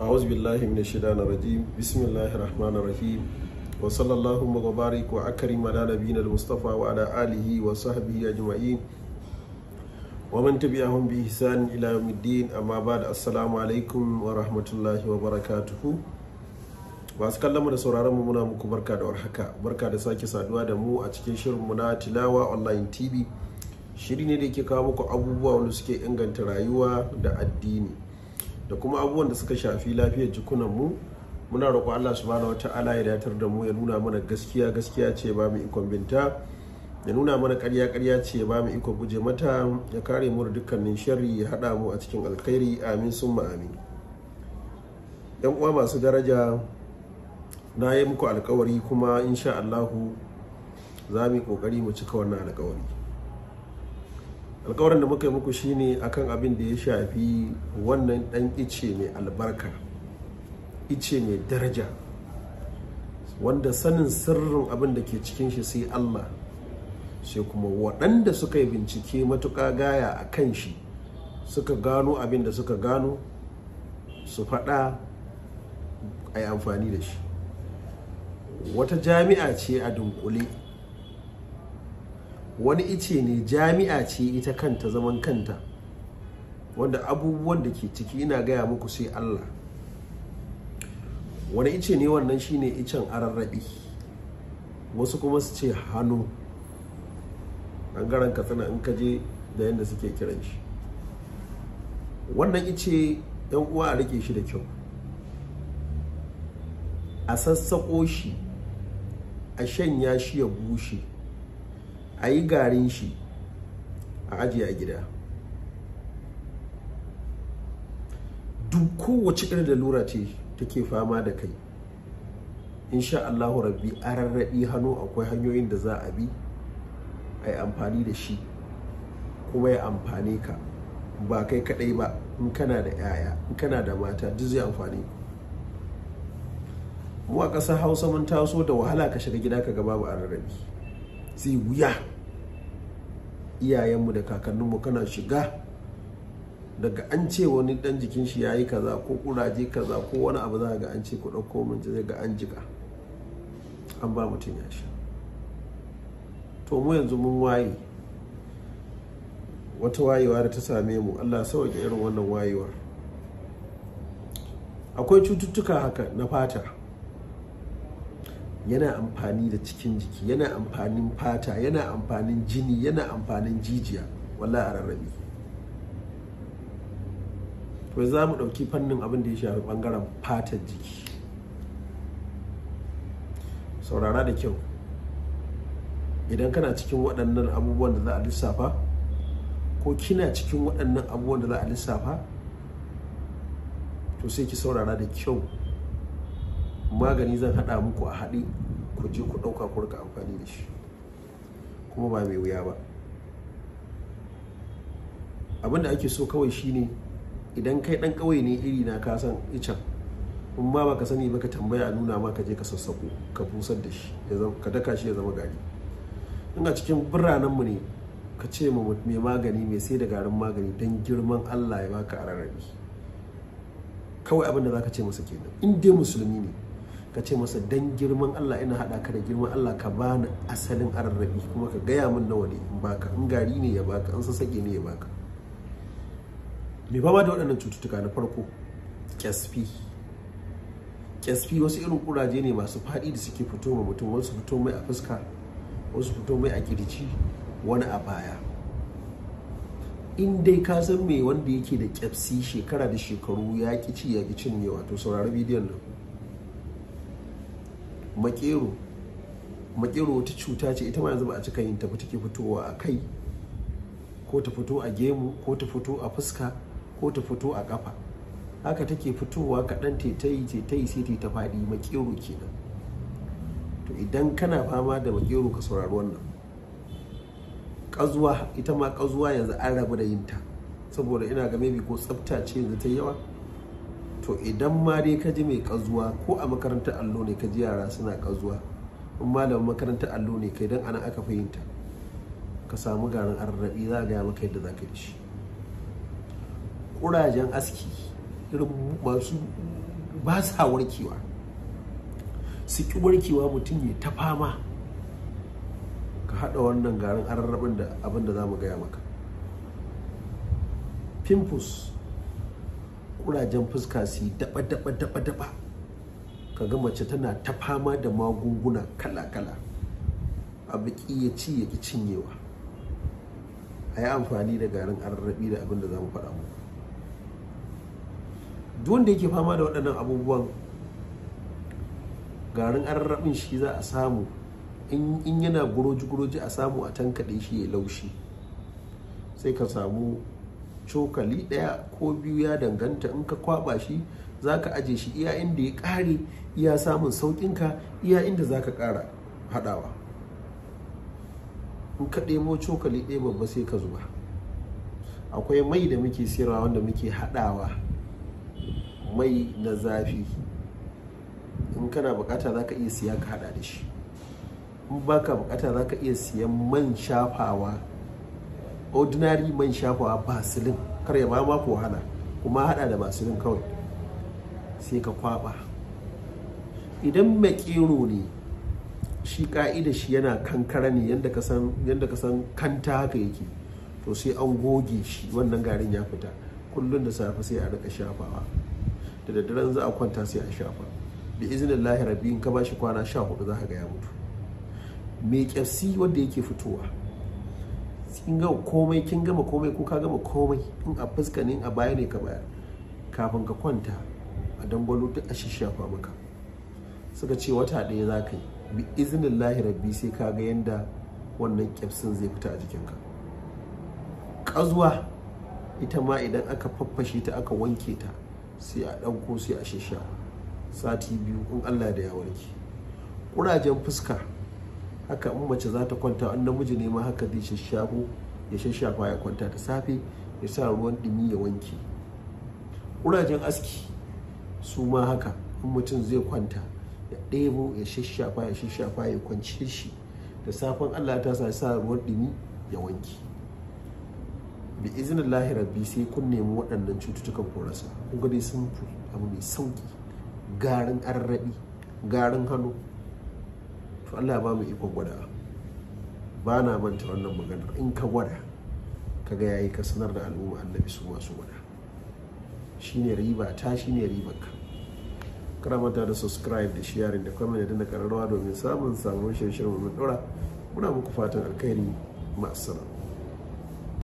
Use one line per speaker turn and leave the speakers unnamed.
أعوذ بالله من الشيطان الرجيم بسم الله الرحمن الرحيم وصلى الله وبارك وأكرم على نبينا المصطفى وعلى آله وصحبه أجمعين ومن تبعهم بإحسان إلى يوم الدين أما بعد السلام عليكم ورحمة الله وبركاته masu kallon mu da sauraron mu muna muku barka da warhaka barka da sake saduwa da mu a cikin shirin mu na tilawa online tv shiri ne da ke kawo muku abubuwa wanda suke inganta rayuwa da addini da kuma abubuwan da suka shafi lafiyar jikunan mu muna roƙo Allah subhanahu wata'ala ya datar da mu ya nuna mana gaskiya gaskiya ce ba mu ikon binta ya nuna mana ƙarya ƙarya ce ba mu ikon guje mata ya kare mu da dukkanin sharri ya haɗa mu a cikin alkhairi amin summa amin yan uwa masu daraja na yi muku alkawari kuma insha Allahu za mu yi ƙoƙari mu cika wannan alkawari alkawarin da muka yi muku shine akan abin da ya shafi wannan dan ice mai albarka ice mai daraja wanda sanin sirrin abin da ke cikin shi sai Allah sai kuma waɗanda suka yi bincike matuƙa gaya a kan shi suka gano abin da suka gano su faɗa a yi amfani da shi wata jami'a ce a dunkule wani ice ne jami'a ce ita kanta zaman kanta wanda abubuwan da ke ciki ina gaya muku sai Allah wani ice ne wannan shine icen ararrabi wasu kuma su ce hannu ɓangaren katsina in ka je da yadda suke kiran shi wannan ice yan uwa a rike shi da kyau a sassaƙo shi a shanya shi ya bushe a yi garin shi a ajiye a gida duk kowace irin da lura ce take fama da kai insha Allah rabbi a rarrabi hannu akwai hanyoyin da za a bi a yi amfani da shi kuma ya amfani ka ba kai kadai ba in kana da 'ya'ya in kana da mata duk zai amfani mu a ƙasar hausa mun taso da wahala ka shiga gida ka gaba ba a rarrabi zai wuya iyayenmu da kakanninmu kana shiga daga an ce wani dan jikin shi ya yi kaza ko kuraje kaza ko wani abu za ga an ce ku ɗauko min zai ga an jika an ba mutum ya sha to mu yanzu mun waye wata wayewa da ta same mu Allah sauke irin wannan wayewar akwai cututtuka haka na fata yana amfani da cikin jiki yana amfanin fata yana amfanin jini yana amfanin jijiya wallah a rarrabe to za mu ɗauki fannin abin da ya shafi ɓangaren fatan jiki saurara da kyau idan kana cikin waɗannan abubuwan da za a lissafa ko kina cikin waɗannan abubuwan da za a lissafa to sai ki saurara da kyau magani zan haɗa muku a haɗe ku je ku ɗauka ku rika amfani da shi kuma ba mai wuya ba abin da ake so kawai shine idan kai ɗan ƙawai ne iri na ka san icen in ma baka sani ka tambaya a nuna maka je ka sassako ka busar da shi ka daka shi ya zama gari in a cikin biranen mu ne ka ce ma mai magani mai sai da garin magani don girman Allah ya baka a kawai abin da zaka ce masa kenan in musulmi ne ka ce masa dan girman Allah ina haɗa ka da girman Allah ka bani asalin ararrabi kuma ka gaya min nawa ne in baka in gari ne ya baka in sassaƙe ne ya baka me ba da waɗannan cututtuka na farko kyasfi kyasfi wasu irin kuraje ne masu faɗi da suke fito ma mutum wasu fito mai a fuska wasu fito mai a kirji wani a baya in dai ka san me wanda yake da kyafsi shekara da shekaru ya ƙi ci ya cinye wato saurari bidiyon nan makero makero wata cuta ce ita ma yanzu ba a cika yin tafi take fitowa a kai ko ta fito a gemu ko ta fito a fuska ko ta fito a kafa haka take fitowa kaɗan tetayi tetayi sai ta faɗi makero kenan to idan kana fama da makero ka saurari wannan ƙazuwa ita ma ƙazuwa yanzu an rabu da yinta saboda ina ga maybe ko tsafta ce yanzu ta yawa to idan ma dai ka ji mai kazuwa ko a makarantar allo ne ka ji yara suna kazuwa in malamin makarantar allo ne kai dan anan aka fahimta ka samu garin arrabi za a gaya maka yadda za ka yi shi kurajen aski irin masu ba sa warkewa su ki warkewa mutum ya ta fama ka haɗa wannan garin arrabin da abin da za mu gaya maka pimples kurajen fuska su yi daba daba daba daba ga mace tana ta fama da magunguna kala kala a baki ya ci ya ki cinyewa a yi amfani da garin ararrabi da abin da za mu faɗa muku duk wanda yake fama da waɗannan abubuwan garin ararrabin shi za a samu in yana guroji-guroji a samu a tankaɗe shi ya laushi sai ka samu cokali ɗaya ko biyu ya danganta in ka kwaba shi za ka aje shi iya inda ya ƙare iya samun sauƙinka iya inda za ka ƙara haɗawa in ka ɗebo cokali ɗaya babba sai ka zuba akwai mai da muke sayarwa wanda muke haɗawa mai na zafi in kana bukata za ka iya siya ka haɗa da shi in ba ka bukata za ka iya siyan man shafawa ordinary man shafawa basilin kar ya ma ko hana kuma hada da basilin kawai sai ka kwaba idan makero ne shi ka'ida shi yana kankara ne yadda ka san kanta haka yake to sai an goge shi wannan garin ya fita kullum da safe sai a rika shafawa da daddaren za a kwanta sai a shafa bi izinin lahi rabbi in ka bashi kwana 14 za ka ga ya mutu mai ƙyafsi wanda yake fitowa kin gama komai kin gama komai ko ka gama komai in a fuska ne a baya ne ka baya kafin ka kwanta a dangwalo duk a shishafa maka suka ce wata ɗaya za ka yi bi izinin rabbi sai ka ga yadda wannan kyafsin zai fita a jikinka ƙazuwa ita ma idan aka faffashe ta aka wanke ta sai a ɗauko sai a shishafa sati biyu in allah da ya warke ƙurajen fuska haka in mace za ta kwanta an namiji ne ma haka zai shashafo ya shashafa ya kwanta ta safe ya sa ruwan dumi ya wanke ƙurajen aski su ma haka in mutum zai kwanta ya ɗebo ya shashafa ya shashafa ya kwance shi da safen allah ta sa sa ruwan dumi ya wanke bi izinin lahira rabbi sai kun nemi waɗannan cututtukan korasa kun ga dai sun abu mai sauƙi garin arrabi garin hannu to Allah ya ba mu ikon gwada ba na manta wannan magana in ka gwada ka ga yayi ka sanar da al'umma annabi su masu gwada shine riba ta shine ribar ka kana manta da subscribe da sharing da comment da na karrawa domin samun samun shirin mu dora muna muku fatan alkhairi ma'assalam